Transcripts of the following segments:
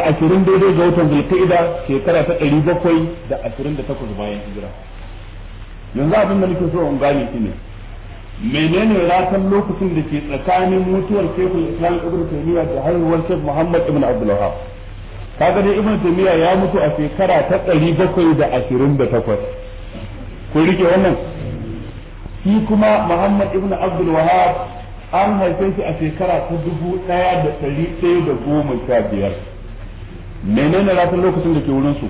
ashirin daidai ga watan zulqa'ida shekara ta ɗari bakwai da ashirin da takwas bayan hijira yanzu abin da nake so in gane shi ne menene ratan lokacin da ke tsakanin mutuwar shekul islam ibn taymiya da haihuwar shek muhammad ibn abdul Ka kaga dai ibn taymiya ya mutu a shekara ta ɗari bakwai da ashirin da takwas ku rike wannan shi kuma muhammad ibn abdul an haife shi a shekara ta dubu ɗaya da ɗari ɗaya da goma sha biyar menene ratar lokacin da ke wurin su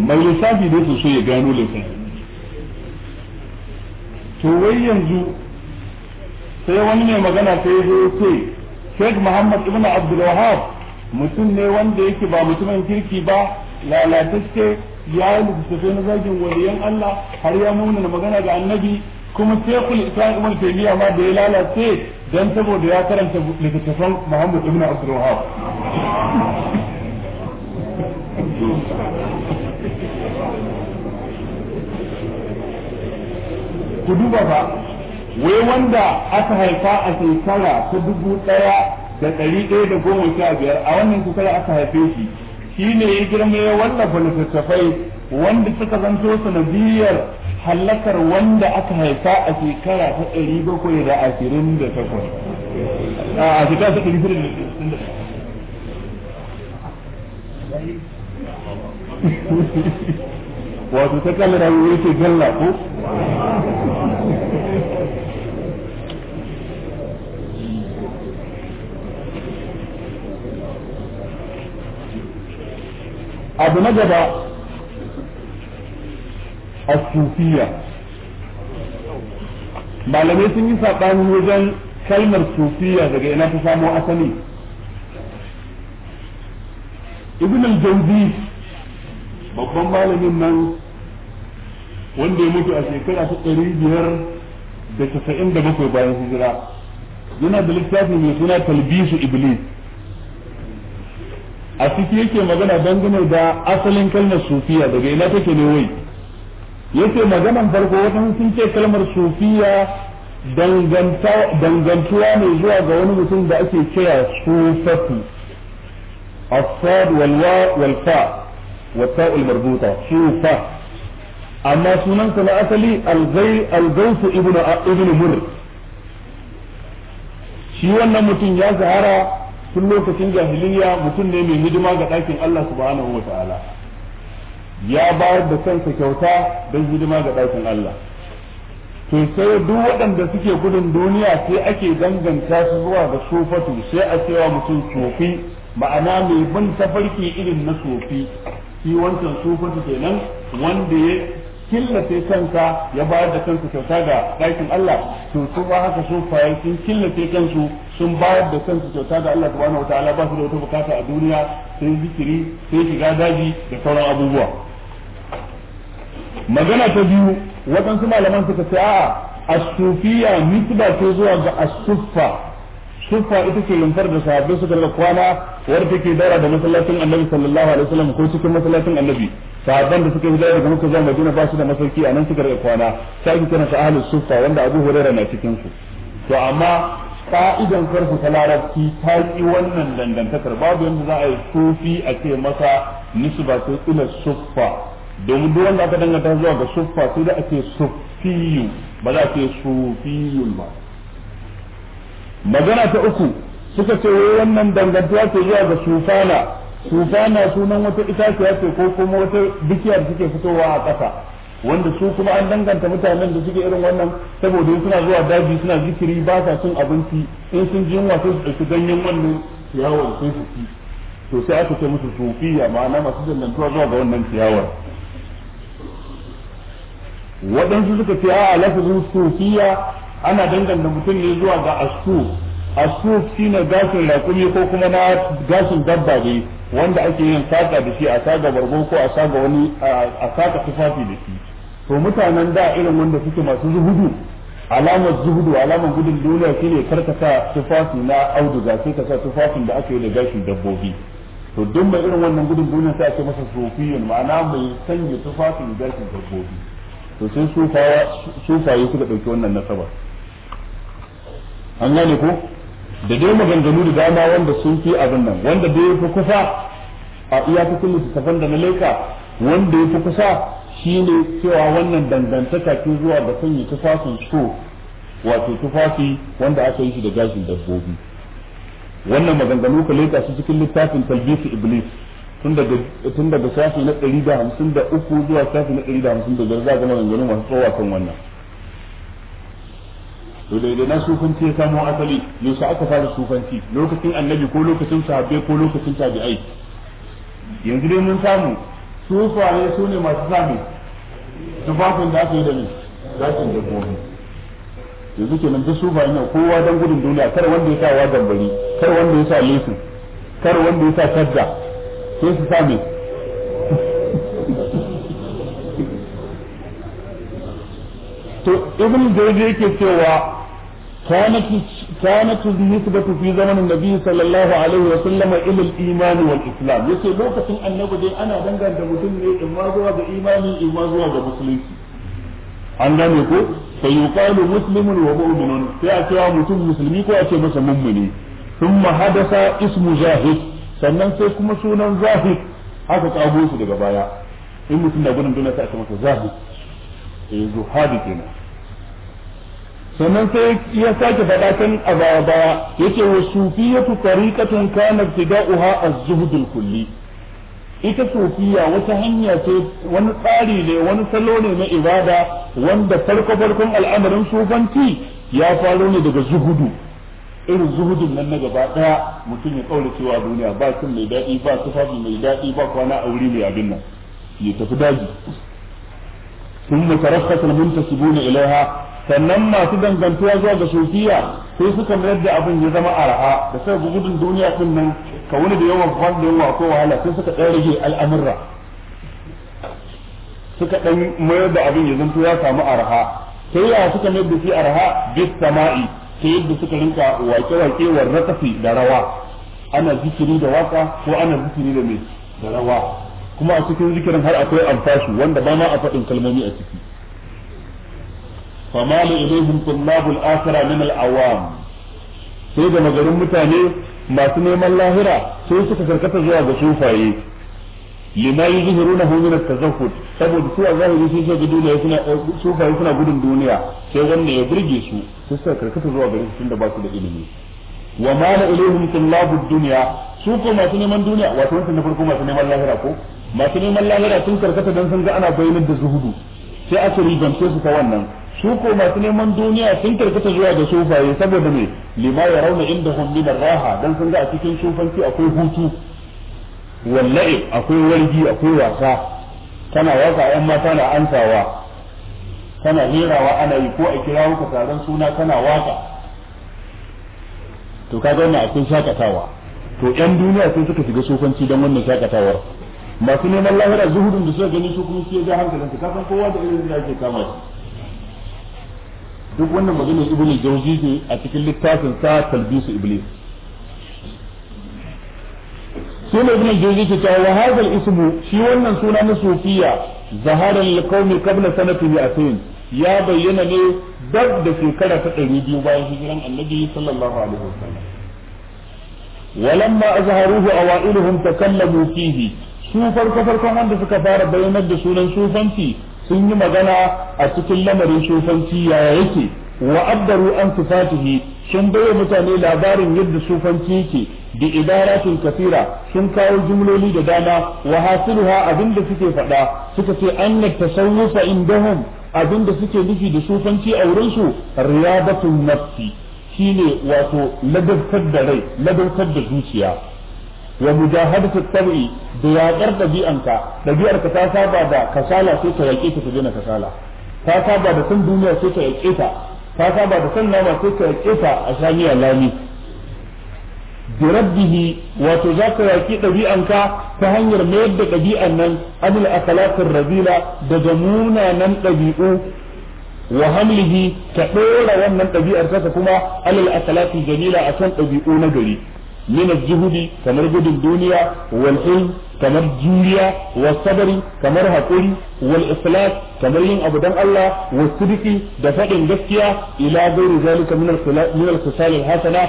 mai lissafi dai su ya gano laifin to wai yanzu sai wani ne magana sai zo ce Sheikh Muhammad ibn Abdul Wahab mutum ne wanda yake ba mutumin kirki ba lalatacce ya yi littattafai na zagin waliyan Allah har ya muna magana ga annabi kuma shekul islam ibn taymiya ma da ya lalace dan saboda ya karanta littattafan muhammad ibn abdul wahab ku duba ba wai wanda aka haifa a shekara ta dubu daya da ɗari ɗaya da goma sha biyar a wannan shekara aka haife shi shi ne ya girma ya wallafa littattafai wanda suka zanto sanadiyar hallakar wanda aka haifa a shekara ta ɗari bakwai da ashirin da takwas a shekara ta ɗari da ashirin da wato ta kalla yi yake galla ko abu na gaba as malamai sun yi saɓani wajen kalmar sufiya daga ina ta samo asali ibn al-jawzi babban malamin nan wanda ya mutu a shekara ta ɗari biyar da tasa'in da bakwai bayan hijira yana da littafi mai suna talbisu iblis a ciki yake magana dangane da asalin kalmar sufiya daga ina take ne wai yace maganan farko wajen sun ce kalmar sufiya dangantuwa ne zuwa ga wani mutum da ake kira sufatu as-sad wa wal sufa amma sunan na asali al-gayth ibnu ibnu mur shi wannan mutum ya zahara tun lokacin jahiliya mutum ne mai hidima ga ɗakin Allah subhanahu wa ta'ala ya bayar da kansa kyauta don hidima ga ɗakin Allah to sai duk waɗanda suke gudun duniya sai ake danganta su zuwa ga sofatu sai a cewa mutum sofi ma'ana mai bin tafarki irin na sofi shi wancan ke kenan wanda ya killace kansa ya bayar da kansa kyauta ga ɗakin Allah to su ba haka sofaye sun killace kansu sun bayar da kansu kyauta ga Allah subhanahu wataala ba su da wata bukata a duniya sai zikiri sai shiga daji da sauran abubuwa magana ta biyu waɗansu malaman suka ce a'a as-sufiya nisba ce zuwa ga as-suffa suffa ita ce lumfar da sahabbai suka daga kwana wadda take daura da masallacin annabi sallallahu alaihi wasallam ko cikin masallacin annabi sahabban da suka hijira daga Makka zuwa Madina ba su da masauki a nan suka daga kwana sai ake kiransa ahlus suffa wanda Abu Hurairah na cikin su to amma fa'idan karfi ta larabci ta ki wannan dangantakar babu yadda za a yi sufi a ce masa nisba ce ila suffa domin duk wanda aka danganta zuwa ga suffa sai da ake sufiyu ba za a ce sufiyun ba magana ta uku suka ce wai wannan dangantuwa ce zuwa ga sufana sufana sunan wata itaciya ce ko kuma wata bikiyar suke fitowa a ƙasa wanda su kuma an danganta mutanen da suke irin wannan saboda suna zuwa daji suna zikiri ba sa cin abinci in sun ji yunwa sai su ɗauki ganyen wannan ciyawar sai su ci to sai aka ce musu sufiya ma'ana masu dangantuwa zuwa ga wannan ciyawar waɗansu suka ce a lafazin sufiya ana danganta mutum ne zuwa ga asu asu shine gashin raƙumi ko kuma na gashin dabba ne wanda ake yin saka da shi a saga bargo ko a wani a saka tufafi da shi to mutanen da irin wanda suke masu zuhudu alamar zuhudu alamar gudun duniya shine karka sa tufafi na auduga sai ka sa tufafin da aka yi da gashin dabbobi to duk mai irin wannan gudun duniya sai ake masa sufiyun ma'ana mai sanya tufafin gashin dabbobi to sai sufaye suka ɗauki wannan nasaba an gane ko da dai maganganu da dama wanda sun fi abin nan wanda dai ya fi kusa a iyakacin littattafan da na laika wanda ya fi kusa ne cewa wannan dangantaka ke zuwa ga sanya tufafin so wato tufafi wanda aka yi shi da gashin dabbobi wannan maganganu ka laika su cikin littafin talbisi iblis tun daga shafi na ɗari da hamsin da uku zuwa shafi na ɗari da hamsin da zarza za ga maganganun masu tsawa kan wannan to daidai na sufanci ya samo asali yaushe aka fara sufanci lokacin annabi ko lokacin sahabbai ko lokacin tabi'ai yanzu dai mun samu sufaye su ne masu sami tufafin da aka yi da ni da gobe yanzu kenan duk sufaye ne kowa don gudun duniya kar wanda ya sa wa gambari kar wanda ya sa lesin kar wanda ya sa tadda sai su sami to ibn jawzi yake cewa kanat nisbatu fi zamanin nabi sallallahu alaihi wa sallam ila al-iman wal islam yace lokacin annabi dai ana danganta mutum ne in ma zuwa ga imani in ma zuwa ga musulunci an gane ko fa yuqalu muslimun wa mu'minun sai a cewa mutum musulmi ko a ce masa mummuni thumma hadasa ismu jahid sannan sai kuma sunan zahid haka tsago su daga baya in mutum na gudun dole sai aka masa zahid eh zuhadi kenan sannan sai ya sake faɗa kan ababa yake wa sufiyatu tariqatun kana uha a zuhdul kulli ita sufiya wata hanya ce wani tsari ne wani salo ne na ibada wanda farko farkon al'amarin sufanci ya faro ne daga zuhudu irin zuhudin nan na gaba daya mutum ya kaura cewa duniya ba kin mai daɗi ba tufafi mai daɗi ba kwana a wuri mai abin nan ya tafi daji sun mutarakkasa muntasibuna ilaiha sannan masu dangantuwa zuwa ga sufiya sai suka mayar da abin ya zama araha da sai gudun duniya din nan ka wani da yawan kwan da yawa ko wahala sai suka ɗan rage al'amurra suka ɗan mayar da abin ya zanto ya samu araha sai ya suka mayar da shi araha bis sama'i ta yadda suka rinka wake-wake wa ratafi da rawa ana zikiri da waka ko ana zikiri da mai da rawa kuma a cikin zikirin har akwai alfashi wanda ba ma a faɗin kalmomi a ciki fama da ilaihim tullabul akhira min al-awam sai da magarin mutane masu neman lahira sai suka karkata zuwa ga sufaye lima yuzhirunahu min at-tazahhud saboda su a zahiri sun shiga duniya suna su suna gudun duniya sai wanda ya birge su su suka karkata zuwa gare su da ba su da ilimi wa ma la ilaihim tullabu dunya su ko masu neman duniya wato wannan na farko masu neman lahira ko masu neman lahira sun karkata dan sun ga ana bayyana da zuhudu sai aka ribance su ta wannan su ko masu neman duniya sun karkata zuwa ga sufaye saboda me lima rauna indahum min raha dan sun ga a cikin sufanci akwai hutu wallahi akwai wargi akwai wasa tana wasa yan mata na ansawa tana herawa ana yi ko a kira muka taron suna tana waka to ka kaga a akwai shakatawa to yan duniya sun suka shiga sofanci don wannan shakatawar masu neman lahira zuhudun da suka gani su kuma su ya hankalin ka san kowa da irin da yake kama shi duk wannan maganar ibnu jawzi ne a cikin littafin sa talbisu iblis shi ne ibn jawzi ke cewa ismu shi wannan suna na sufiya zahara lil qaumi qabla sanati mi'atin ya bayyana ne dab da shekara ta 200 bayan hijiran annabi sallallahu alaihi wasallam ولما أظهروه أوائلهم تكلموا فيه su farko farkon wanda suka fara bayyanar da sunan sufanci sun yi magana a cikin lamarin sufanci ya yake wa abdaru an sifatihi sun baiwa mutane labarin yadda sufanci yake da idaratin kafira sun kawo jumloli da dama wa hasiluha abinda suke faɗa suka ce anna tasawwufa indahum abinda suke nufi da sufanci a wurin su riyabatun nafsi shine wato ladabtar da rai ladabtar da zuciya wa mujahadatu tabi'i da yaƙar ɗabi'anka ɗabi'arka ta saba da kasala sai ta yaƙe ta daina kasala ta saba da san duniya sai ta yaƙe ta ta saba da san nama ka a shaniya lami bi rabbihi wato za ka yaki ɗabi'anka ta hanyar mayar da ɗabi'an nan amul akhlaqir rabila daga munanan ɗabi'u wa hamlihi ta ɗora wannan ɗabi'ar kasa kuma alal akhlaqi jamila akan ɗabi'u na gari min az-zuhdi kamar gudun duniya wal kamar juriya wa sabari kamar haƙuri wal ikhlas kamar yin abu dan Allah wa sidiki da faɗin gaskiya ila gairi zalika min al khisal hasana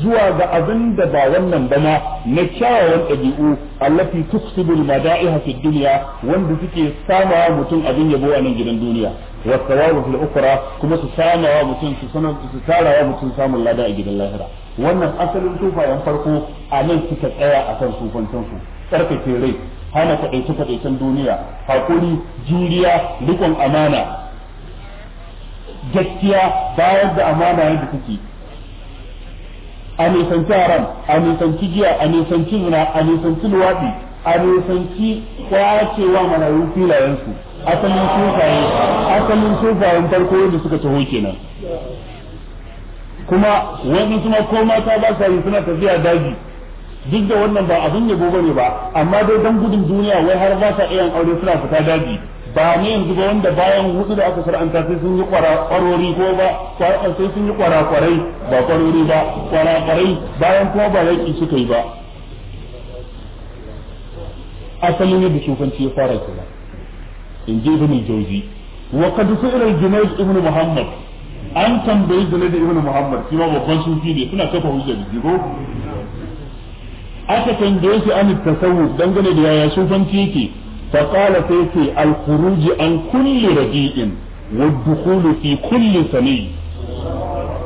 zuwa ga abin da ba wannan bana na kyawawan ɗabi'u allati tuksibul mada'iha fi dunya wanda suke sama mutum abin yabo a nan gidan duniya wa thawabu fil ukhra kuma su samawa mutum su sanar su mutum samun lada a gidan lahira wannan asalin tufayen farko a nan suka tsaya akan sufantan su tsarkake rai hana kaɗaice-kaɗaicen duniya haƙuri juriya rikon amana gaskiya bayar da amana yadda suke a nisanci haram a nisanci giya a nisanci zina a nisanci luwaɗi a nisanci kwacewa marayu filayensu asalin sufaye asalin sufayen farko yadda suka taho kenan kuma wani suna koma mata ba sa yi suna tafiya daji duk da wannan ba abin yabo bane ba amma dai dan gudun duniya wai har ba sa iyan aure suna fita daji ba ne yanzu ba wanda bayan hudu da aka shar'anta sai sun yi kwarori ko ba kwarar sai sun yi kwarakwarai ba kwarori ba kwarakwarai bayan kuma ba yaki suka yi ba asalin yadda shukanci ya fara kenan in ji ibn jauzi wa qad su'ila junayd ibn muhammad an tambayi junayd ibn muhammad shi ma babban sufi ne suna kafa hujjar jigo aka tambaye shi an tasawuf dangane da yaya sufanci yake fa qala sai ce al khuruj an kulli rabi'in wa dukhulu fi kulli sani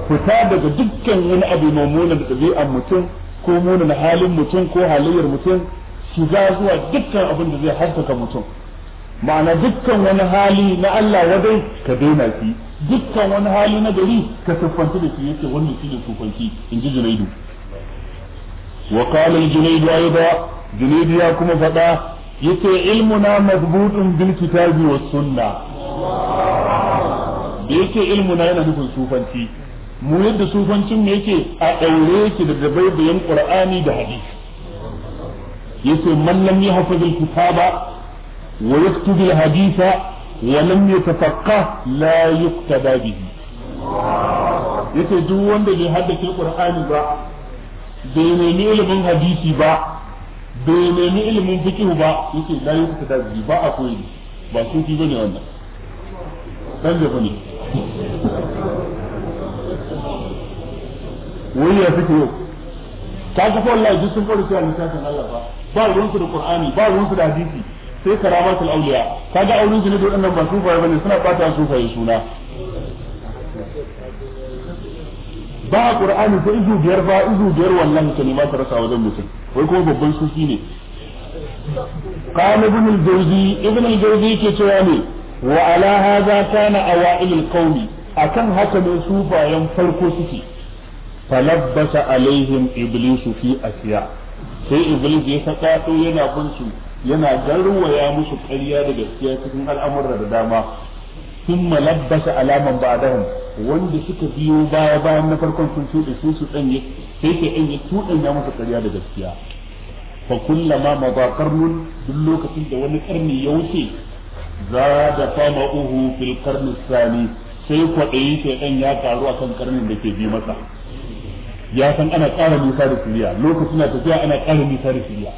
fita daga dukkan wani abu mamuna da ɗabi'ar mutum ko muna halin mutum ko halayyar mutum shiga zuwa dukkan abin da zai haskaka mutum ma'ana dukkan wani hali na Allah wadai ka daina shi dukkan wani hali na gari ka siffanci da shi yake wannan shi ne sufanci in ji junaidu وقال الجنيد أيضا جنيد يا كما فدا يتي علمنا مضبوط بالكتاب والسنة yake ilmu na yana nufin sufanci mu yadda sufancin ne yake a ɗaure yake da dabaibayin qur'ani da hadisi yace man lam yahfaz al-kitaba wa yaktub al-haditha wa lam yatafaqqah la yuktaba bihi yace duk wanda bai haddace qur'ani ba bai nemi ilimin hadisi ba bai nemi ilimin fikihu ba yake na yi ta bi ba a koyi ba sufi bane wannan dan da bane wani ya fikihu ta ga ko wallahi duk sun fara cewa littafin Allah ba ba ruwan su da Qur'ani ba ruwan su da hadisi sai karamatul auliya kaga aurin su ne da wannan ba sufaye bane suna fata sufaye suna ba qur'ani ko izu biyar ba izu biyar wallahi kani ba ka rasa wajen mutum wai kuma babban sufi ne qala ibn al-jawzi ibn al-jawzi ke cewa ne wa ala hadha kana awa'il al-qawmi akan haka ne sufayen farko suke falabbasa alaihim iblisu fi asiya sai iblis ya saka yana bin yana garwaya musu ƙarya da gaskiya cikin al'amura da dama thumma labbasa alaman ba'dahum wanda suka biyo baya bayan na farkon sun shuɗe su ɗan danye sai ke ɗan ya masa musu ƙarya da gaskiya fa kullama madha duk lokacin da wani karni ya wuce zada fama'uhu fil qarni sani sai kwaɗayi sai ɗan ya karu akan karnin da ke bi masa ya san ana ƙara nisa da siriya lokacin na tafiya ana ƙara nisa da siriya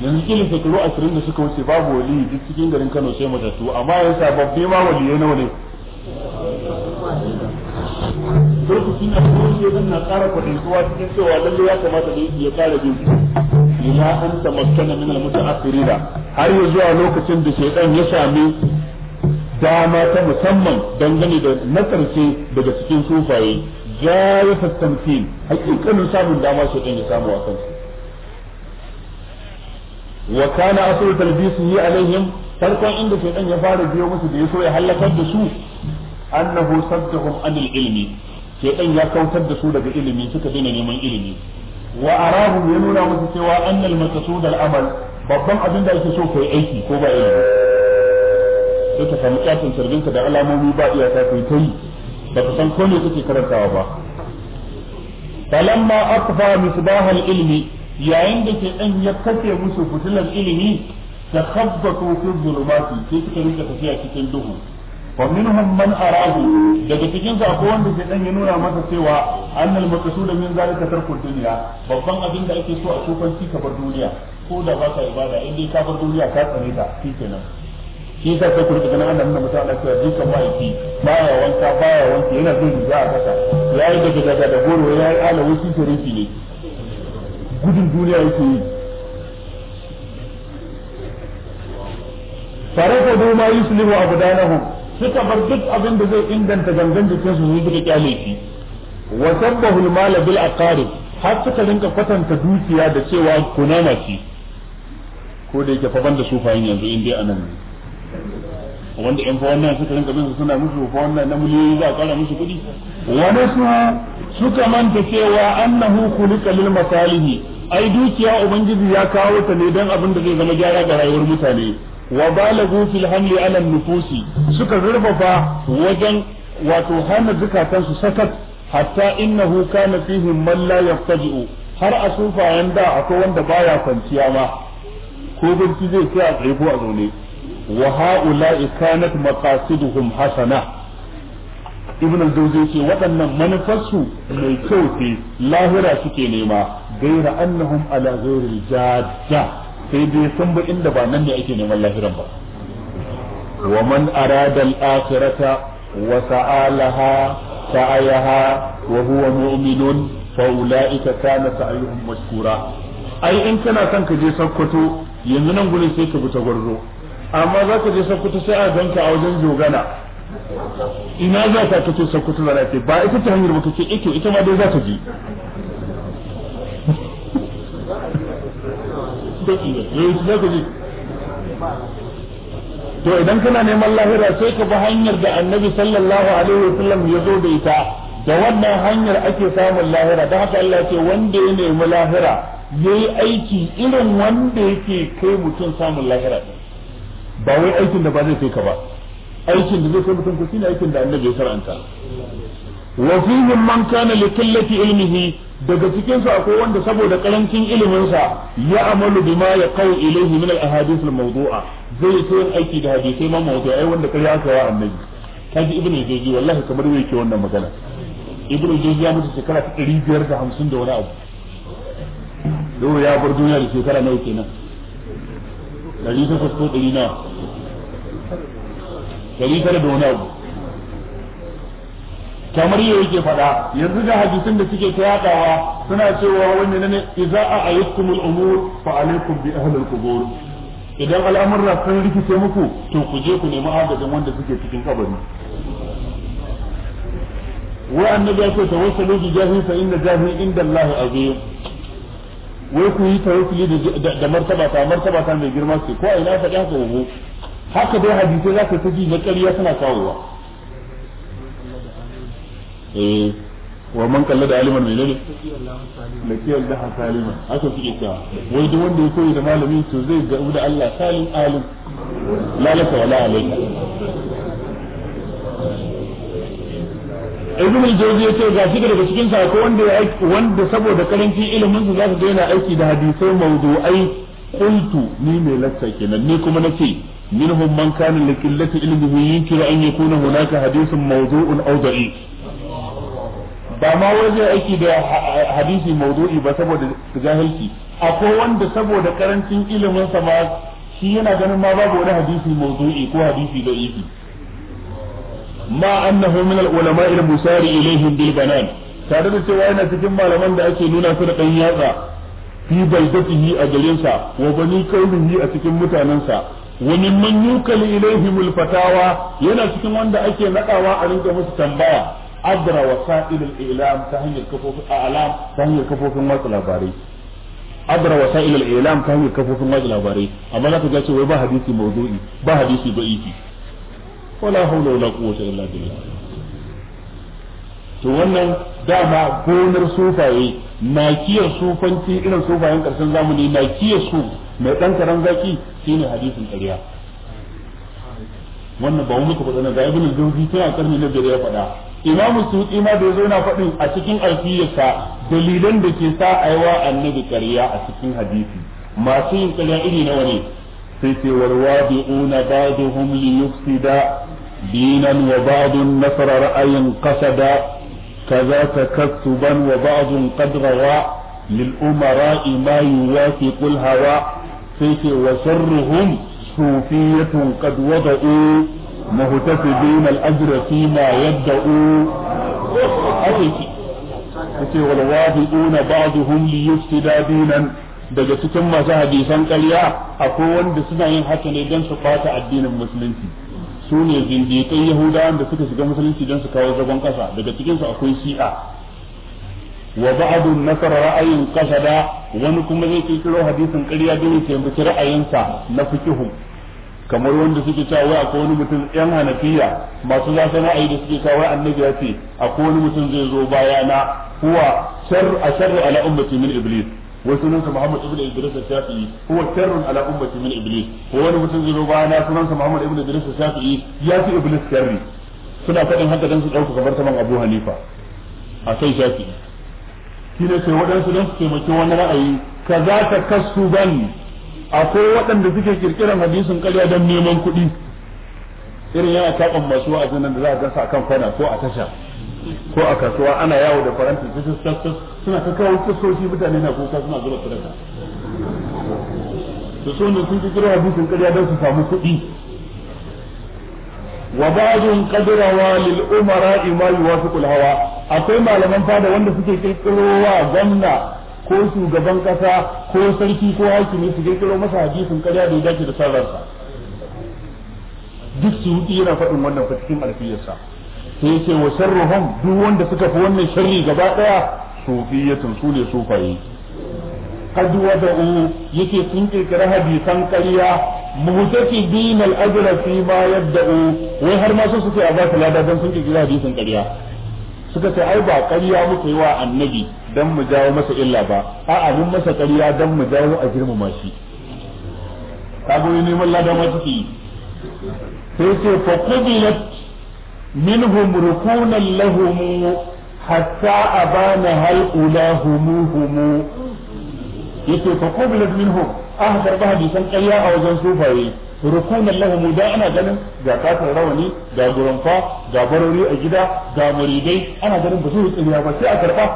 yanzu kilin shekaru ashirin da suka wuce babu wali duk cikin garin kano sai matattu amma yan sababbi ma waliyai nawa ne lokaci na kuma shi zan na ƙara kwaɗaituwa cikin cewa lalle ya kamata ne ya kare bin Ina an tamakkana min al-muta'akhirina har ya zuwa lokacin da shaytan ya sami dama ta musamman dangane da na daga cikin sufaye ya yi hakikanin samun dama shaytan ya samu a kansu wa kana asul talbisihi alaihim farkon inda shaytan ya fara biyo musu da yaso ya halakar da su annahu saddahum anil ilmi shaytan ya kautar da su daga ilimi suka daina neman ilimi wa arahu ya nuna musu cewa annal maqsud al amal babban abin da ake so kai aiki ko ba ilimi sai ka samu sirrinka da alamomi ba iyaka kai kai ba ka san ko ne kake karantawa ba falamma akfa misbahal ilmi yayin da ke dan ya kashe musu fitilar ilimi ta khabbatu fi dhulumati sai suka rinka tafiya cikin duhu wa minhum man arahu daga cikin su akwai wanda ke dan ya nuna masa cewa annal da min zalika tarko duniya. babban abin da ake so a tsofanci ka bar duniya ko da ba ka ibada in dai ka bar duniya ka tsare ta shikenan shi yasa sai ku rika ganin annabi mutum Allah cewa dukan ba ya wanka baya wanke yana zai riga a kasa yayi daga daga da goro yayi ala wusi sharifi ne gudun duniya yake yi su da ma yuslihu abdanahu suka bar duk abin da zai inganta gangan jikin su suka kyale shi wa sabbahu al-mala bil aqarib har suka rinka kwatanta dukiya da cewa kunama shi. ko da yake fa banda su fayin yanzu in dai anan ne wanda yan fa wannan suka rinka bin suna musu fa wannan na miliyoyi za a kara musu kuɗi wani su suka manta cewa annahu khuliqa lil masalihi ai dukiya ubangiji ya kawo ta ne dan abin da zai zama gyara ga rayuwar mutane wa balagu fil hamli ala nufusi suka zurfafa wajen wato hana zukatan su sakat hatta innahu kana fihim man la yaftaji'u har a sufayen da akwai wanda baya kwanciya ma ko barci zai sai a tsaye ko a zaune wa ha'ula'i kanat maqasiduhum hasana ibn al-jawzi ce waɗannan manufarsu mai kyau ce lahira suke nema gaira annahum ala ghairil jadda sai dai sun ba inda ba nan ne ake neman lahiran ba wa man arada al-akhirata wa sa'alaha sa'ayaha wa huwa mu'minun fa ulaika kana sa'yuhum mashkura ai in kana son ka je sakkwato yanzu nan gurin sai ka bi ta gwarzo amma za ka je sakkwato sai a ganka a wajen jogana ina za ta kace sakkwato za ta ba ita ta hanyar ba kake ita ma dai za ta je yau za ku je to idan kana neman lahira sai ka bi hanyar da annabi sallallahu alaihi wasallam ya zo da ita da wannan hanyar ake samun lahira don haka Allah ce wanda ya nemi lahira ya yi aiki irin wanda yake kai mutum samun lahira ba wai aikin da ba zai kai ka ba aikin da zai kai mutum ku shine aikin da annabi ya shar'anta wa fihim man kana li qillati daga cikin su akwai wanda saboda karancin ilimin ya amalu bima ya kawo ilayhi min al ahadith al mawdu'a zai so yin aiki da hadisai ma mawdu'ai wanda kai aka wa annabi kaji ibnu jawzi wallahi kamar wai ke wannan magana ibnu jawzi ya mutu shekara ta 550 da wani abu dawo ya bar duniya da shekara nawa kenan dari ta fasko dari na dari tara da wani abu kamar yau yake faɗa yanzu ga hadisin da suke tayatawa suna cewa wani ne idza a'aytumul umur fa alaykum bi ahli al-qubur idan al'amurra sun rikice muku to ku je ku nemi agajin wanda suke cikin kabari wa annabi ya ce tawassalu bi jahi fa inna jahi inda Allah azim wai ku yi tawassuli da martaba ta martaba ta mai girma ce ko a ina faɗi haka wuhu haka dai hadisai za ka ta ji na ƙarya suna kawowa eh wa man kalla da aliman mai ne da kiyar da salima haka suke cewa wai duk wanda ya koyi da malami to zai ga da Allah salim alim lalaka wala alaika ibn al-jawzi yace ga shiga daga cikin sa ko wanda wanda saboda karancin ilimin su zaka ga yana aiki da hadisai mawdu'ai qultu ni mai lacca kenan ni kuma nace minhum man kana li qillati ilmihi yunkiru an yakuna hunaka hadithun mawdu'un aw da'if ba ma wai aiki da hadisi maudu'i ba saboda jahilci akwai wanda saboda karancin ilimin sa ma shi yana ganin ma babu wani hadisi maudu'i ko hadisi da ifi ma annahu min al-ulama al-musari ilayhim bil banan tare da cewa yana cikin malaman da ake nuna su da dan yatsa fi baldatihi a garinsa wa bani kaumihi a cikin mutanensa wa mimman yukali ilaihim al-fatawa yana cikin wanda ake nadawa a rinka musu tambaya adra wasailul ilam ta hanyar kafofin alam ta hanyar kafofin watsa labarai adra wasailul ilam ta hanyar kafofin watsa labarai amma za ka ga cewa ba hadisi mawdu'i ba hadisi da'ifi wala hawla wala quwwata illa billah to wannan dama gonar sufaye nakiyar sufanci irin sufayen karshen zamani nakiyar su mai dan karan zaki shine hadisin ƙarya wannan ba mu muka faɗa nan ga ibnu jawzi tun a karni na biyar ya faɗa imamu suti ma da yazo na faɗin a cikin alfiyarsa dalilan da ke sa aiwa annabi ƙarya a cikin hadisi masu yin ƙarya iri nawa ne sai ce walwadi'una ba'dhum li yufsida dinan wa ba'dun nasara ra'ayin qasada kaza takassuban wa ba'dun qad rawa lil umara'i ma yuwafiqu al hawa sai ce wa sharruhum sufiyatun qad muhtasibina al-ajra fima yad'u akiki kace wal wadi'una ba'dhum li yufsida dinan daga cikin masu hadisan ƙarya akwai wanda suna yin haka ne don su fata addinin musulunci su ne zindiƙan yahudawan da suka shiga musulunci don su kawo zagon ƙasa daga cikinsu akwai shi'a wa ba'adu nasara ra'ayin kasada wani kuma zai kirkiro hadisin ƙarya don ya taimaki ra'ayinsa na fikihu kamar wanda suke cewa wai akwai wani mutum yan hanafiya masu za sana ayi da suke cewa wai annabi ya ce akwai wani mutum zai zo baya na huwa shar asharru ala ummati min iblis wai sunansa Muhammad ibn Idris al-Shafi'i huwa sharrun ala ummati min iblis ko wani mutum zai zo baya na sunansa Muhammad ibn Idris al-Shafi'i ya fi iblis sharri suna fadin haka dan su dauka kamar taman Abu Hanifa a kai Shafi'i shi ne sai waɗansu don su taimaki wani ra'ayi kaza ta kasuban akwai waɗanda suke kirkiran hadisin ƙarya don neman kuɗi irin yana taɓan masu wa'azin nan da za a gasa a kan fana ko a tasha ko a kasuwa ana yawo da faranti suna ta kawo kusoshi mutane na kuka suna zuba sadaka da so ne sun kirkira hadisin ƙarya don su samu kuɗi wa ba'dun qadrawa lil umara ma yuwafiqu al hawa akwai malaman fada wanda suke kirkirowa gwamna ko shugaban kasa ko sarki ko hakimi su kirkiro masa hadisin karya da ya dace da san ransa duk suyuti yana faɗin wannan fa alfiyarsa sai yace wa sharruhum duk wanda suka fi wannan sharri gaba daya sufiyatun su ne sufaye qad wada'u yake sun kirkira hadisan karya muhtaki bin al-ajra fi ma yabda'u wai har ma su suke a ba lada dan sun kirkira hadisan karya suka ce ai ba karya muke wa annabi dan mu jawo masa illa ba a'a mun masa ƙarya dan mu jawo a girmama shi kago ne neman ladama ma yi sai ce fa qubilat minhum rukunan lahum hatta a abana hal ulahumuhum yace fa qubilat minhum ahdar ba hadisan ƙarya a wajen sufaye rukunan lahum da ana ganin ga katin rawani ga guranfa ga barori a gida ga muridai ana ganin ba su yi tsiriya ba sai a karba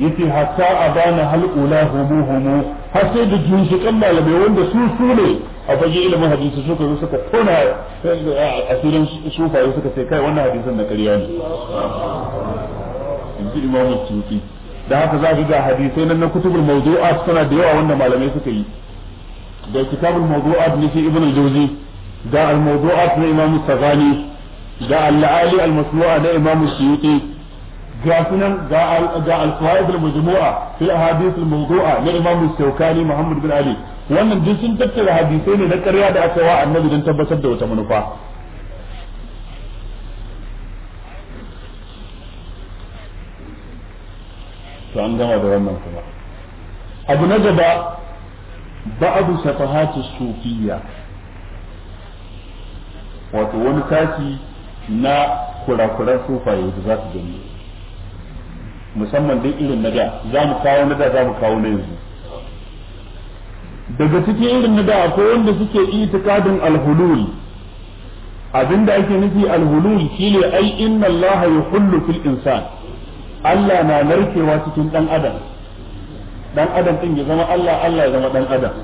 yace hatta abana hal ula humu humu har sai da ginshikan malamai wanda su su ne a fage ilimin hadisi suka zo suka tona asirin sufaye suka ce kai wannan hadisin na ƙarya ne inji imamu tuti da haka za ga hadisai nan na kutubul mawdu'at suna da yawa wanda malamai suka yi da kitabul mawdu'at ne shi ibn al-jawzi da al-mawdu'at na imam Sazani da al-ali al-masnu'a na imam Suyuti ga sunan ga al-qawaid al-majmu'a fi ahadith al-mawdu'a na Imam Shawkani Muhammad bin Ali wannan duk sun tattara hadisai ne na ƙarya da aka wa annabi don tabbatar da wata manufa to an gama da wannan kuma abu na gaba ba'adu safahatu sufiyya wato wani sashi na kurakuran sufaye za su musamman dai irin na da za mu kawo na da za mu kawo na yanzu daga cikin irin na da akwai wanda suke itikadin alhulul abinda ake nufi alhulul shine ai inna allaha yuhullu fil insan Allah na narkewa cikin dan adam dan adam din ya zama Allah Allah ya zama dan adam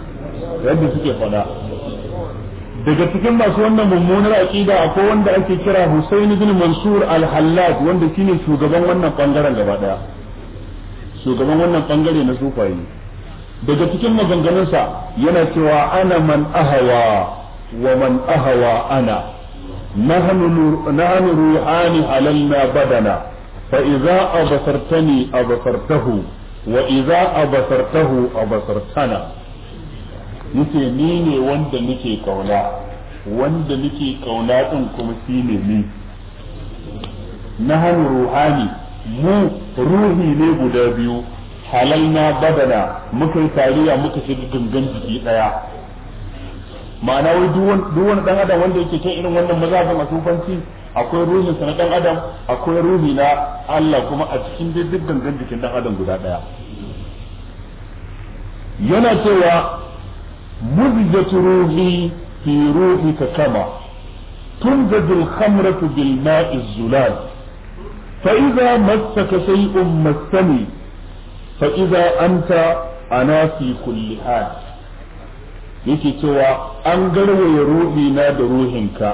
yadda suke faɗa daga cikin masu wannan mummunar aqida akwai wanda ake kira Hussein ibn Mansur al-Hallaj wanda shine shugaban wannan bangaren gaba daya shugaban wannan bangare na sufayi daga cikin sa yana cewa ana man ahawa wa man ahawa ana nahnu nahnu ruhani alanna badana fa idza abasartani abasartahu wa idza abasartahu abasartana yace ni ne wanda nake kauna wanda nake kauna din kuma shi ne ni na hannu ruhani mu ruhi ne guda biyu halalna badana muka yi tariya muka shiga gangan jiki daya ma'ana wai duk wani dan adam wanda yake kai irin wannan maza a sufanci akwai ruhin sa na dan adam akwai ruhi na Allah kuma a cikin duk gangan jikin dan adam guda daya yana cewa مزجة روحي في روحك كما تمزج الخمرة بالماء الزلال فإذا مسك شيء مسني فإذا أنت أنا في كل حال yake cewa an garwaye ruhi na da ruhinka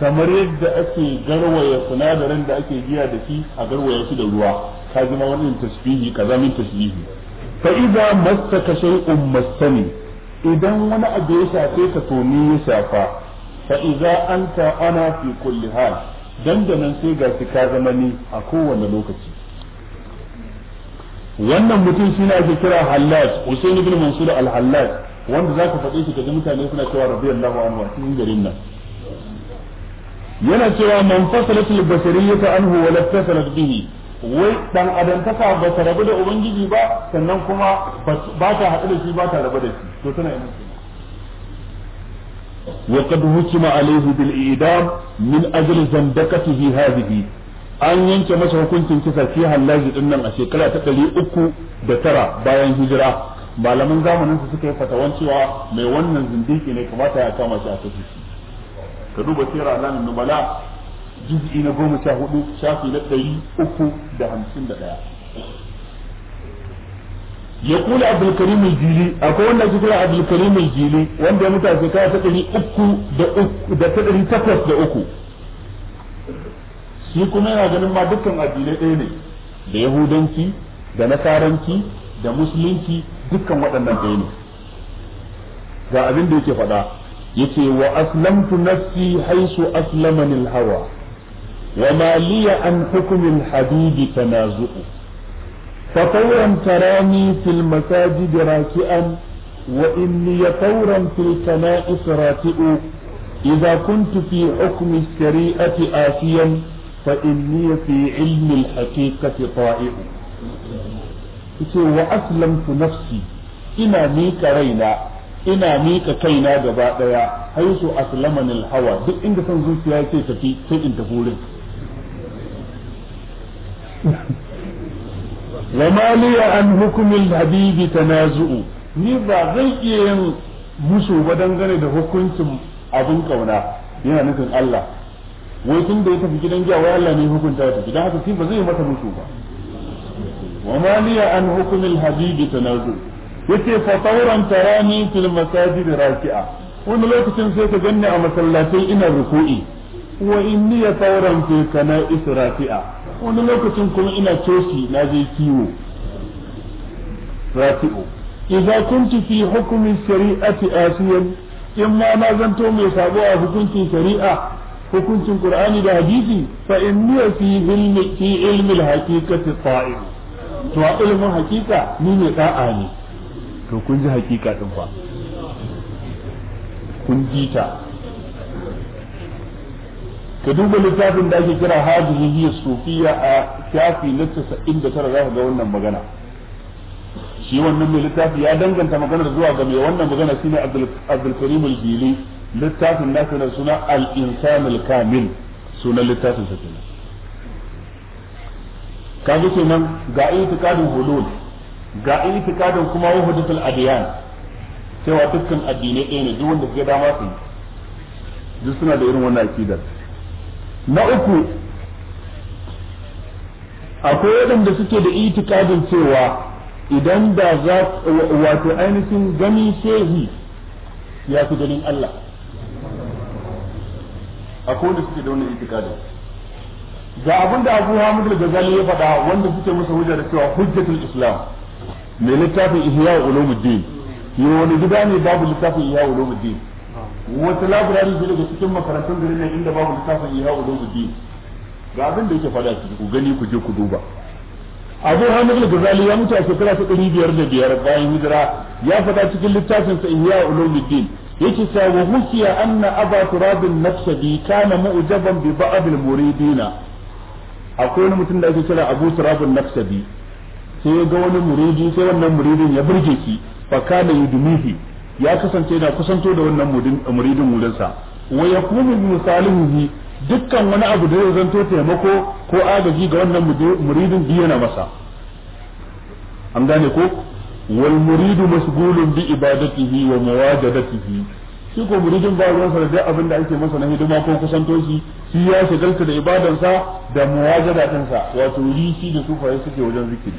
kamar yadda ake garwaye sinadarin da ake giya da shi a garwaye shi da ruwa ka zama wannan tasbihi kaza min tasbihi fa idza massaka shay'un massani idan wani abu ya shafe ka to ni ya shafa fa idza anta ana fi kulli hal dandanan sai ga ka zama ni a kowane lokaci wannan mutum shi ne ake kira Hallaj Usain ibn Mansur al-Hallaj wanda zaka faɗe shi kaga mutane suna cewa radiyallahu anhu a cikin garin nan yana cewa man fasalat al-basariyyah anhu wa lattasalat bihi wai dan adam taka ba ta rabu da ubangiji ba sannan kuma ba ta haɗu da shi ba ta rabu da shi to tana ina kenan وقد حكم عليه بالإعدام من أجل زندقته هذه an yanke masa hukuncin kisa fi hallaji din nan a shekara ta ɗari uku da tara bayan hijira malaman zamanin su suka yi fatawan cewa mai wannan zindiki ne kamata ya kama shi a kashi ka duba sira alamin nubala juz'i na goma sha hudu shafi na ɗari uku da hamsin da ɗaya ya kula abdul karim jili akwai wanda ake kira abdul karim jili wanda ya mutu a shekara ta ɗari uku da uku ta ɗari takwas da uku shi kuma yana ganin ma dukkan addinai ɗaya ne da yahudanci da nasaranci da musulunci dukkan waɗannan ɗaya ne ga abin da yake faɗa yace wa aslamtu nafsi haisu aslamani hawa wa maliya an hukumin habibi tanazu'u فطورا تراني في المساجد راكئا وإني طورا في الكنائس راتئ إذا كنت في حكم الشريعة آتيا فإني في علم الحقيقة طائع وأسلمت نفسي إنا ميك رينا ina mika kaina gaba daya haisu aslaman alhawa duk inda son zuciya yake tafi sai in tafi wurin wa ma li an hukumin habibi tanazu'u ni ba zan iya yin musu ba dangane da hukuncin abin kauna yana nufin Allah wai tun da ya tafi gidan giya wai Allah ne hukunta ta gidan haka shi ba zai mata musu ba wa ma li an hukumin habibi tanazu'u yace fa tawran tarani fil masajid raki'a wani lokacin sai ka ganni a masallatai ina ruku'i wa inni ya fauran fi kana israfi'a wani lokacin kuma ina coci na je kiwo rafi'u idza kuntu fi hukmi shari'ati asiyan in ma na zanto mai sabo a hukuncin shari'a hukuncin qur'ani da hadisi fa inni fi ilmi fi ilmi al-haqiqati qa'im to a ilmin hakika ni ne da'a ne to kun ji hakika din fa kun ji ta ka duba littafin da ake kira hadhihi hiya sufiya a shafi na 99 zaka ga wannan magana shi wannan mai littafi ya danganta maganar zuwa ga mai wannan magana shine Abdul Karim al-Jili littafin nasa na suna al-insan al-kamil sunan littafin sa kenan kaje kenan ga itikadin hulul ga itikadin kuma wahudatul adiyan cewa dukkan addinai ɗaya ne duk wanda ke dama su duk suna da irin wannan akidar na uku akwai waɗanda suke da itikadin cewa idan da za wato ainihin gani shehi ya fi ganin Allah akwai wanda suke da wani itikadin ga abin da Abu Hamid da ghazali ya faɗa wanda suke masa hujja da cewa hujjatul Islam mai littafin Ihya ulumuddin yi wani gida ne babu littafin Ihya ulumuddin wata labarari ce daga cikin makarantun garin nan inda babu littafin iya wa zo biyu ga abin da yake faɗa ciki ku gani ku je ku duba abu hamid al-ghazali ya mutu a shekara ta ɗari biyar da biyar bayan hijira ya faɗa cikin littafin sa ihya ulumuddin yake cewa wa hukiya anna aba turabin nafsabi kana mu'jaban bi ba'd al-muridina akwai wani mutum da ake kira abu turabin nafsabi sai ga wani muridi sai wannan muridin ya burge shi fa kana yudmihi ya kasance yana kusanto da wannan muridin wurinsa wa yakunu bi misalihi dukkan wani abu da zai zanto taimako ko agaji ga wannan muridin bi yana masa an gane ko wal muridu mashghulun bi ibadatihi wa muwajadatihi shi ko muridin ba ruwansa da abin da ake masa na hidima ko kusanto shi shi ya shagalta da ibadansa da muwajada dinsa wato yi shi da sufaye suke wajen zikiri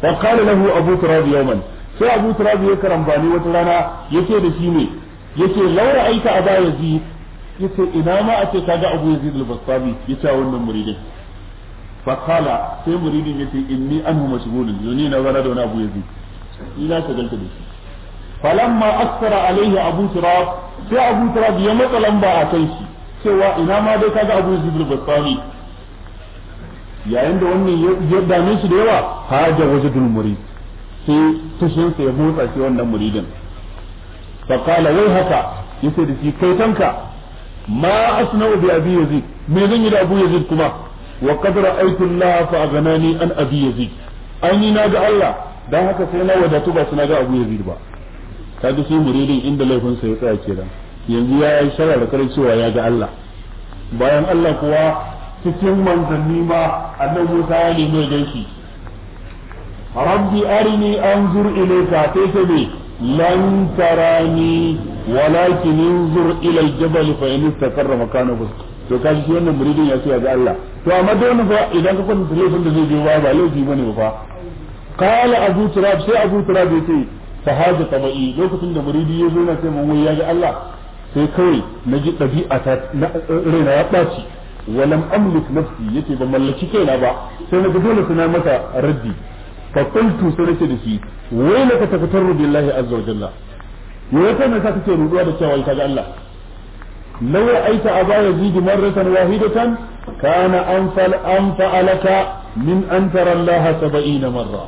fa qala lahu abu turab yawman sai abu turabi ya karambani wata rana yace da shi ne yace laura aika a baya zi yace ina ma a ce kaga abu yazid al-bastami yace wannan muridin fa qala sai muridin yace inni anhu mashghulun yoni na zana da wani abu yazid ina ta ganta da shi falamma aksara alaihi abu turab sai abu turab ya matsa lamba a kan shi cewa ina ma dai kaga abu yazid al-bastami yayin da wannan ya dame shi da yawa haja wajadul murid sai fushinsa ya motsa shi wannan muridin fa qala wai haka yace da shi kai tanka ma asna'u bi abi yazid me zan yi da abu yazid kuma wa qad ra'aytu Allah fa aghnani an abi yazid ai na naga Allah dan haka sai na wadatu ba su naga abu yazid ba kaga shi muridin inda laifin sa ya tsaya kenan yanzu ya yi sharar da kare cewa ya ga Allah bayan Allah kuwa cikin manzanni ma annabi Musa ya nemi ya gaishe rabbi arini anzur ilayka sai ta bi lan tarani walakin anzur ila al-jabal fa in istaqarra makanahu to kaji shi wannan muridin ya ce ga Allah to amma da wannan fa idan ka kwanta laifin da zai je wa ba laifi bane fa qala abu turab sai abu turab yace fa hada tabai lokacin da muridi ya zo na sai mun wai ya ga Allah sai kawai na ji ɗabi'a ta raina ya ɓaci walam amlik nafsi yace ban mallaki kaina ba sai na ga dole suna mata raddi fa qultu sai nace da shi wai laka tafatarru billahi azza wa jalla yau kai ne ka kake ruduwa da cewa ita ga Allah law aita aba yazid marratan wahidatan kana anfal anfa laka min an tara Allah 70 marra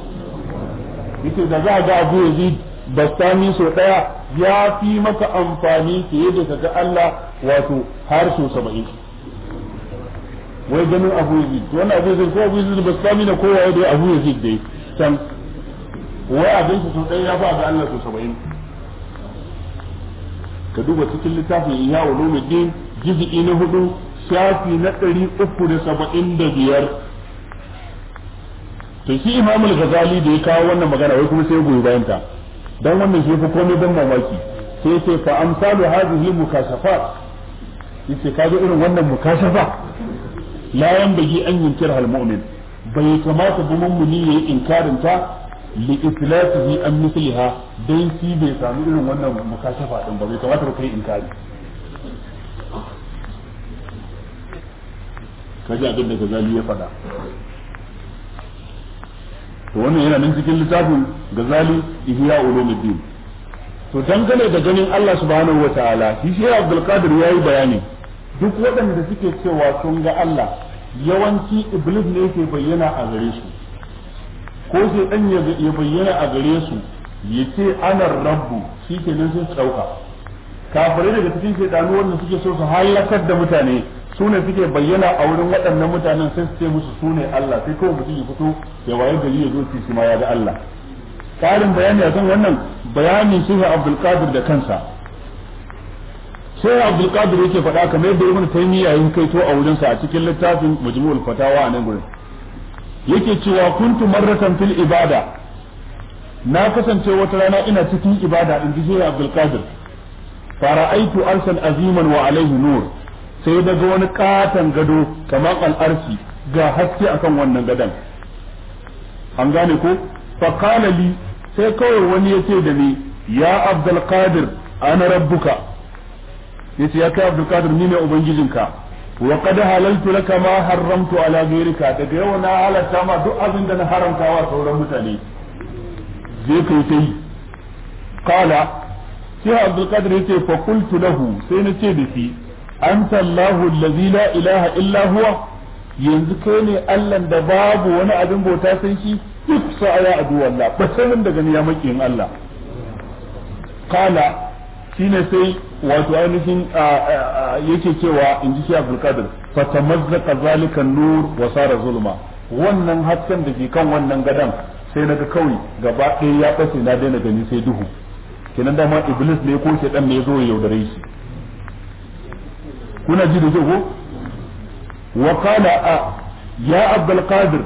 yace da za ga Abu Yazid bastami so daya ya fi maka amfani fiye da kaga Allah wato har so ganin Abu Yazid ko Abu Yazid Abu Yazid dai can wai abinci su ɗaya ya fa ga Allah su saba'in ka duba cikin littafin iya ulumuddin juz'i na hudu shafi na ɗari uku da saba'in da biyar to shi imam ghazali da ya kawo wannan magana wai kuma sai goyi bayan ta dan wannan shi fa komai ban mamaki sai sai fa amsalu hadhihi mukashafat yace kaga irin wannan mukashafa la yanbaghi an yunkira al-mu'min bai kamata ba mummuni yayi inkarin ta li islafihi an misliha dan shi bai samu irin wannan mukashafa din ba bai kamata ba kai inkari kaji abin da gazali ya faɗa to wannan yana nan cikin littafin gazali ihya ulumuddin to dangane da ganin Allah subhanahu wataala shi shi Abdul Qadir yayi bayani duk waɗanda suke cewa sun ga Allah yawanci iblis ne ke bayyana a gare su ko sai dan ya bayyana a gare su yace ana rabbu shi ke sai su tsauka kafirai daga cikin shaidanu wanda suke so su halakar da mutane su suke bayyana a wurin waɗannan mutanen sai su ce musu su Allah sai kawai mutum ya fito ya waye gari ya zo shi ma ya ga Allah ƙarin bayani kan wannan bayanin shi Abdul Qadir da kansa sai Abdul Qadir yake faɗa kamar yadda Ibn Taymiyyah yayin kai to a wurin sa a cikin littafin Majmu'ul Fatawa a nan gurin yake cewa kuntu marratan fil ibada na kasance wata rana ina cikin ibada in ji sai Abdul Qadir fara'aitu arsan aziman wa alaihi nur sai daga wani katon gado kamar al'arshi ga haske akan wannan gadon an gane ko fa li sai kawai wani yace da ni ya Abdul Qadir ana rabbuka yace ya kai Abdul Qadir ni ne ubangijinka wa qad halaltu laka ma haramtu ala ghayrika daga yau na halatta ma duk abin da na haramta wa sauran mutane je kai sai qala sai Abdul Qadir yace fa qultu lahu sai na ce da shi anta Allahu allazi la ilaha illa huwa yanzu kai ne Allah da babu wani abin bauta sai shi duk sa'a ya adu wallah ba sanin daga ni ya maki in Allah qala shine sai wato ainihin yake cewa in ji shi abdulkadir fa tamazzaqa zalika nur wa sara zulma wannan hasken da ke kan wannan gadon sai naga kawai gaba ɗaya ya ɓace na daina gani sai duhu kenan dama iblis ne ko shedan ne zo ya yaudare shi kuna ji da ko wa qala a ya abdulkadir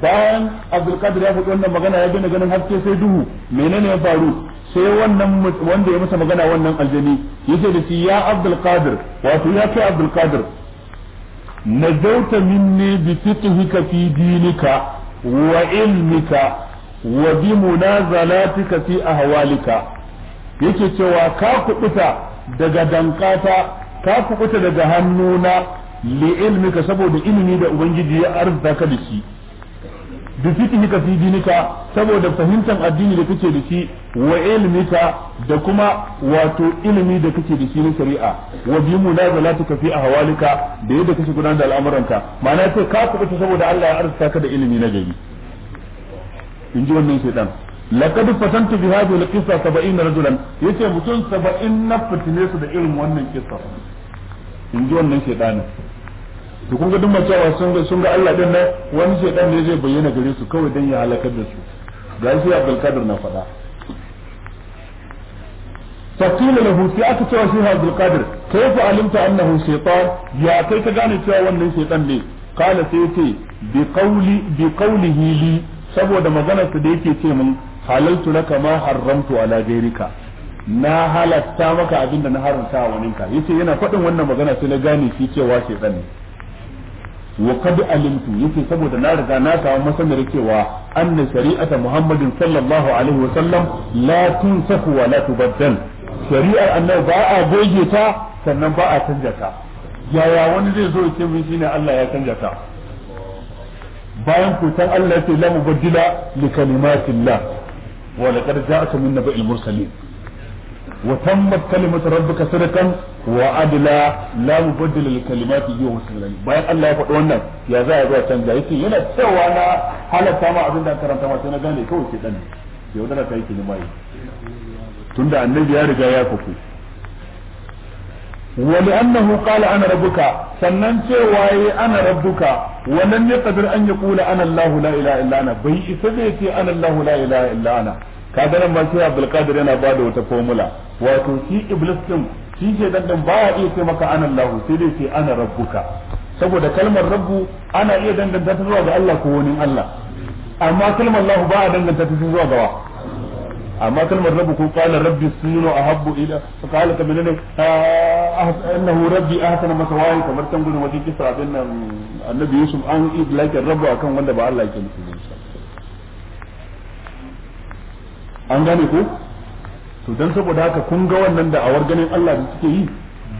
bayan abdulkadir ya faɗi wannan magana ya daina ganin haske sai duhu menene ya faru sai wannan wanda ya masa magana wannan aljani yace da shi ya Abdul Qadir wato ya kai Abdul Qadir najauta minni bi fiqhika fi dinika wa ilmika wa bi munazalatika fi ahwalika yake cewa ka kubuta daga dankata ka kubuta daga hannuna li ilmika saboda ilimi da ubangiji ya arzaka da shi bi fiqhika fi dinika saboda fahimtar addini da kake da shi wa ilmika da kuma wato ilimi da kake da shi na shari'a wa bi munazalatika fi ahwalika da yadda kake gudanar da al'amuranka ma'ana ce ka kubuta saboda Allah ya arzuta ka da ilimi na gari in ji wannan shaidan laqad fatantu bi hadhihi al-qissa 70 rajulan yace mutum 70 na fitine su da irin wannan kissa in ji wannan shaidanin da kun ga duk macewa sun ga sun ga Allah din nan wani shedan ne zai bayyana gare su kawai dan ya halakar da su ga shi Abdul Qadir na faɗa Abdul له في أكثر alimta annahu shaytan ya kai ka gane cewa wannan كان ne kala sai yace bi qawli bi qawlihi li saboda maganarsa da yake ce min halaltu laka ma haramtu ala gairika na halatta maka abinda na haramta wa waninka yace yana faɗin wannan magana sai na gane shi cewa shaitan ne wa qad alimtu yake saboda na riga na samu masanar cewa anna shari'ata muhammadin sallallahu alaihi wa sallam la tunsaku wa la tubaddal shari'ar annabi ba a goge ta sannan ba a canja ta yaya wani zai zo ce mun shine Allah ya canja ta bayan kutan Allah ya ce la mubaddila li kalimatillah wa laqad ja'aka min naba'il mursalin وتمت كلمة ربك صدقا وعدلا لا مبدل لكلماته وهو السلام bayan Allah ya faɗi wannan ya za a zo a canja yake yana cewa na halatta ma abin da karanta ma sai na gane kawai ke yau da ta yake nima tunda annabi ya riga ya faku wa li'annahu qala ana rabbuka sannan cewa yi ana rabbuka wannan ne kadir an ya kula ana Allah la illa ana bai isa zai ce ana Allah la illa ana kaga nan ma sai Abdul Qadir yana ba da wata formula wato shi iblis din shi ke dan dan ba iya ce maka ana Allah sai dai ce ana rabbuka saboda kalmar rabbu ana iya danganta ta zuwa ga Allah ko wani Allah amma kalmar Allah ba a danganta ta zuwa ga amma kalmar rabbu ko qala rabbi sinu ahabbu ila fa qala ka menene annahu ah, ah, rabbi ahsana masawai kamar tan gudun kisa abin bin annabi yusuf an idlaka rabbu akan wanda ba Allah yake nufi an gane ko to dan saboda haka kun ga wannan da awar ganin Allah da suke yi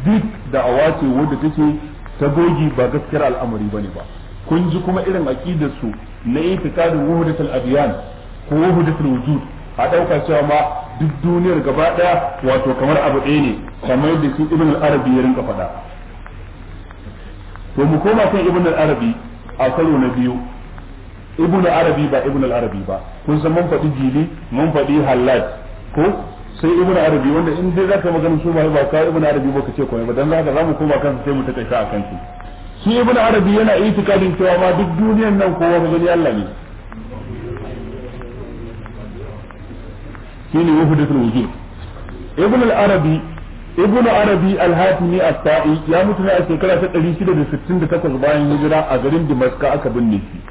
duk da ce wadda take ta gogi ba gaskiyar al'amari bane ba kun ji kuma irin aqidar su na da wuhudatul adyan ko wuhudatul wujud a dauka cewa ma duk duniyar gaba daya wato kamar abu ɗaya ne kamar da shi ibn al-arabi ya rinka faɗa to mu koma kan ibn al-arabi a karo na biyu ibnu arabi ba ibnu arabi ba kun san mun faɗi jili mun faɗi hallaj ko sai ibnu arabi wanda in dai zaka magana su mai ba ka ibnu arabi ba ka ce ko ba dan haka mu koma kansa sai mu takaita akan shi shi ibnu arabi yana itikadin cewa ma duk duniyar nan kowa magani Allah ne shine wahdatul wujud ibnu arabi ibnu arabi al-hatimi as-sa'i ya mutu ne a shekara ta 668 bayan hijira a garin Damascus aka binne shi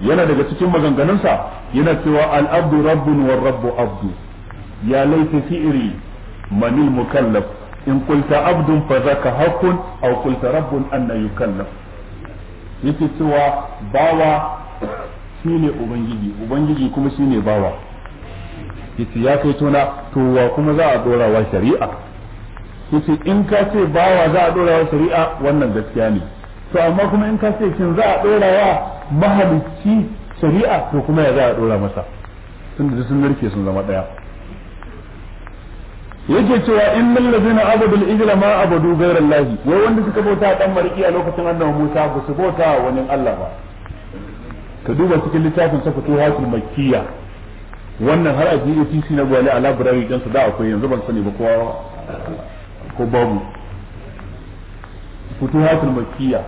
yana daga cikin maganganunsa yana cewa al-abdu rabbun war rabbu abdu ya laita fi'ri manil mukallaf in qulta abdun fa zaka haqqun aw qulta rabbun anna yukallaf yake cewa bawa shine ubangiji ubangiji kuma shine bawa yace ya kai tona to wa kuma za a dora wa shari'a yace in ka ce bawa za a dora wa shari'a wannan gaskiya ne to amma kuma in ka ce kin za a dora wa mahalicci shari'a to kuma ya za a dora masa tunda da sun narke sun zama daya yake cewa innal na abadu al igila ma abadu gairan lahi wai wanda suka bauta dan mariki a lokacin annabi Musa ba su bauta wani Allah ba ka duba cikin littafin sa futuhatul makkiya wannan har a GATC na gwale a library din su da akwai yanzu ban sani ba ko ko babu futuhatul makkiya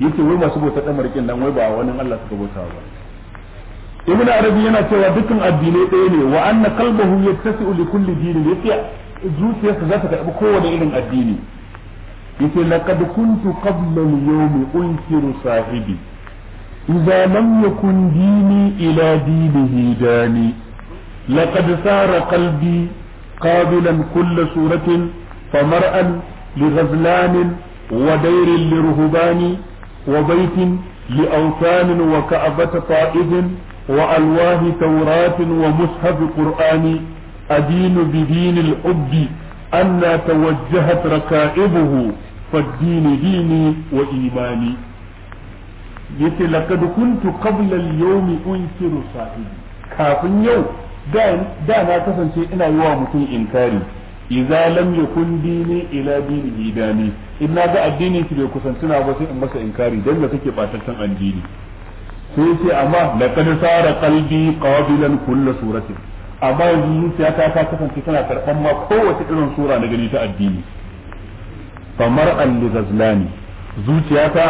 yake wai masu bautar tsamarikin nan wai ba wani Allah suka bauta ba ibnu arabi yana cewa dukkan addinai ɗaya ne wa anna qalbuhu yattasi'u li kulli dinin yake zuciyarsa za ta karɓi kowane irin addini yake laqad kuntu qabla al-yawm unkiru sahibi idza lam yakun dini ila dinihi dani laqad sara qalbi قابلا كل صورة فمرأ لغزلان ودير لرهبان وبيت لأوثان وكعبة طائف وألواه توراة ومصحف قرآن أدين بدين الحب أن توجهت ركائبه فالدين ديني وإيماني yace laqad kuntu qabla al-yawmi unkiru sahibi kafin yau da na kasance ina yi wa mutum inkari idza lam yakun dini ila dinihi dani in na ga addini ki bai kusanci na ba sai in masa inkari dan da kake batattan addini sai ce amma laqad sara qalbi qabilan kullu suratin amma yanzu zuciyata ta kasance tana karban ma kowace irin sura na gani ta addini Kamar al ghazlani zuciyata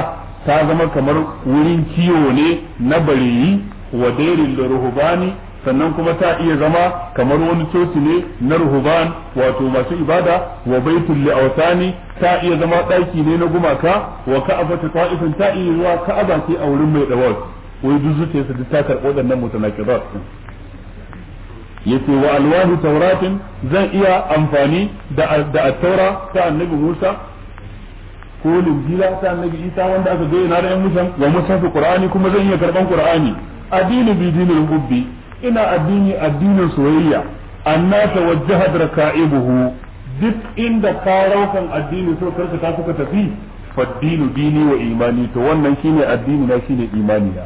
ta zama kamar wurin kiwo ne na bareyi wa dairin ruhbani sannan kuma ta iya zama kamar wani coci ne na ruhuban wato masu ibada wa baitul li'awtani ta iya zama daki ne na gumaka wa ta ta'ifin ta iya zuwa ka'aba ce a wurin mai dawal wai duk zuciyarsa su ta karɓo waɗannan mutanaqidat yace wa alwahu tauratin zan iya amfani da da at-taura ta annabi Musa ko linjila ta annabi Isa wanda aka yana da ƴan musan wa musafi qur'ani kuma zan iya karban qur'ani adini bi dinin hubbi ina addini addinin soyayya anna tawajjaha raka'ibuhu duk inda faraukan addini so karkata suka tafi faddinu dini wa imani to wannan shine addini na shine imani na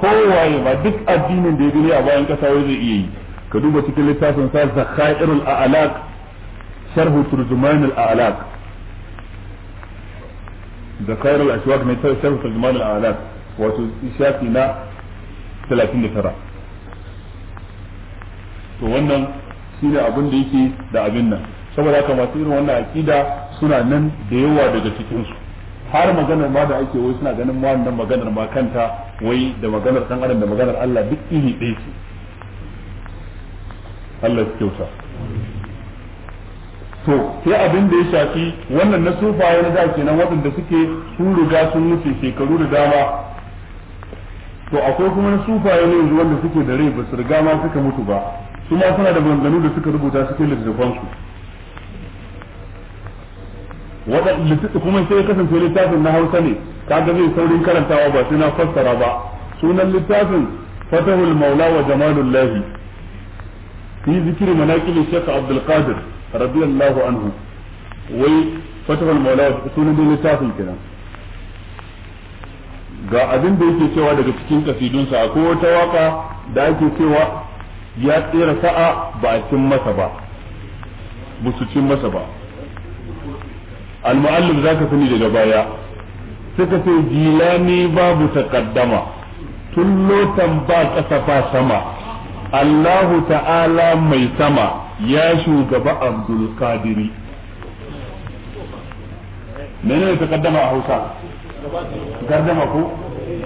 kowaye ba duk addinin da ya gani a bayan kasa wai zai iya yi ka duba cikin littafin sa zakhairul a'laq sharhu turjumanul a'laq zakhairul ashwaq ne sharhu turjumanul a'laq wato shafi na 39 to wannan shi ne abin da yake da abin nan saboda haka masu irin wannan aqida suna nan da yawa daga cikin su har maganar ma da ake wai suna ganin ma wannan maganar ma kanta wai da maganar dan adam da maganar Allah duk iri ɗaya su Allah ya kyauta to sai abin da ya shafi wannan na sufaye na da kenan waɗanda suke sun riga sun wuce shekaru da dama to akwai kuma na sufaye ne yanzu wanda suke da rai ba su riga ma suka mutu ba su ma suna da maganganu da suka rubuta cikin littattafansu kuma sai kasance littafin na hausa ne ga zai saurin karantawa ba sai na fassara ba sunan littafin fatahul maula wa jamalul lahi fi zikri manaqib shaykh abdul radiyallahu anhu wai fatahul maula sunan littafin kenan ga abin da yake cewa daga cikin kasidunsa akwai wata waka da ake cewa ya tsira sa'a ba a cin masa ba ba su cin masa ba al za ka sani daga baya suka ce jilani babu taqaddama tun lotan ba kasa ba sama Allahu ta'ala mai sama ya shugaba Abdul Qadiri menene taqaddama a Hausa gardama ko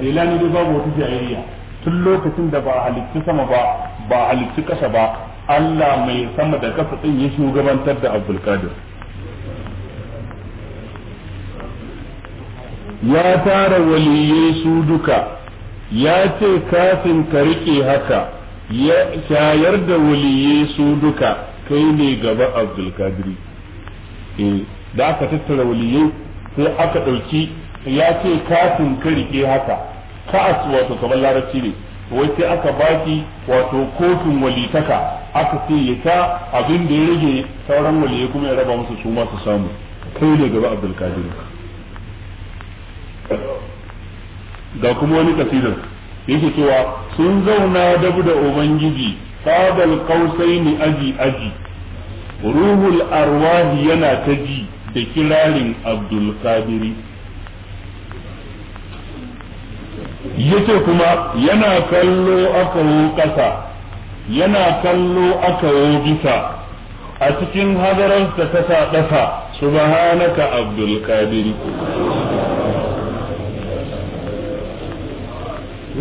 jilani babu wata jayayya tun lokacin da ba a halitta sama ba ba halittu kasa ba Allah mai sama da kasa ɗin ya shugabantar da Abdul Qadir ya tara waliyai su duka ya ce kafin ka rike haka ya shayar da waliyai su duka kai ne gaba Abdul Qadir eh da aka tattara waliyai sai aka ɗauki. ya ce kafin ka rike haka asuwa wato kamar larabci ne wace aka baki wato kotun walitaka aka ce ya ta abin da ya rage sauran waliyai kuma ya raba musu su su samu kai ne gaba abdulkadir ga kuma wani kasidar yake cewa sun zauna dabu da ubangiji fadal ni aji aji ruhul arwahi yana ta ji da kirarin abdulkadiri yace kuma yana kallo aka wo ƙasa yana kallo aka wo bisa a cikin hadararsa ta sa su subhanaka abdul kadiri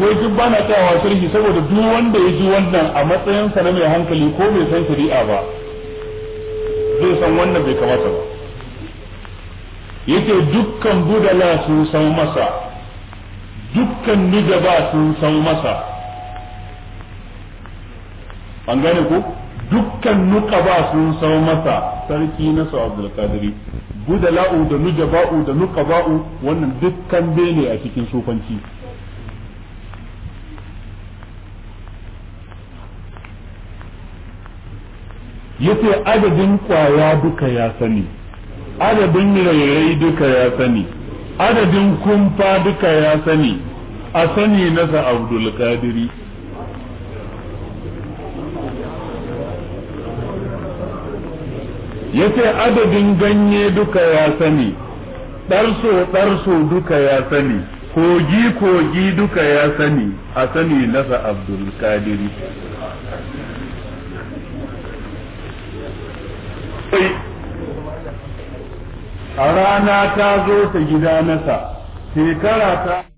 wai duk ba na tsayawa sharhi saboda duk wanda ya ji wannan a matsayinsa na mai hankali ko mai san shari'a ba zai san wannan bai kamata ba yake dukkan budala su san masa dukkan nijaba sun san masa an gane ko dukkan ba sun san masa sarki na su Abdul budala'u da nujaba'u da nuka ba'u wannan dukkan bene a cikin sufanci yace adadin kwaya duka ya sani adadin rairai duka ya sani adadin kumfa duka ya sani a sani nasa abdul kadiri ya ce adadin ganye duka ya sani ɗarso-ɗarso duka ya sani kogi-kogi duka ya sani a sani nasa abdul kadiri a rana ta zo ta gida nasa shekara ta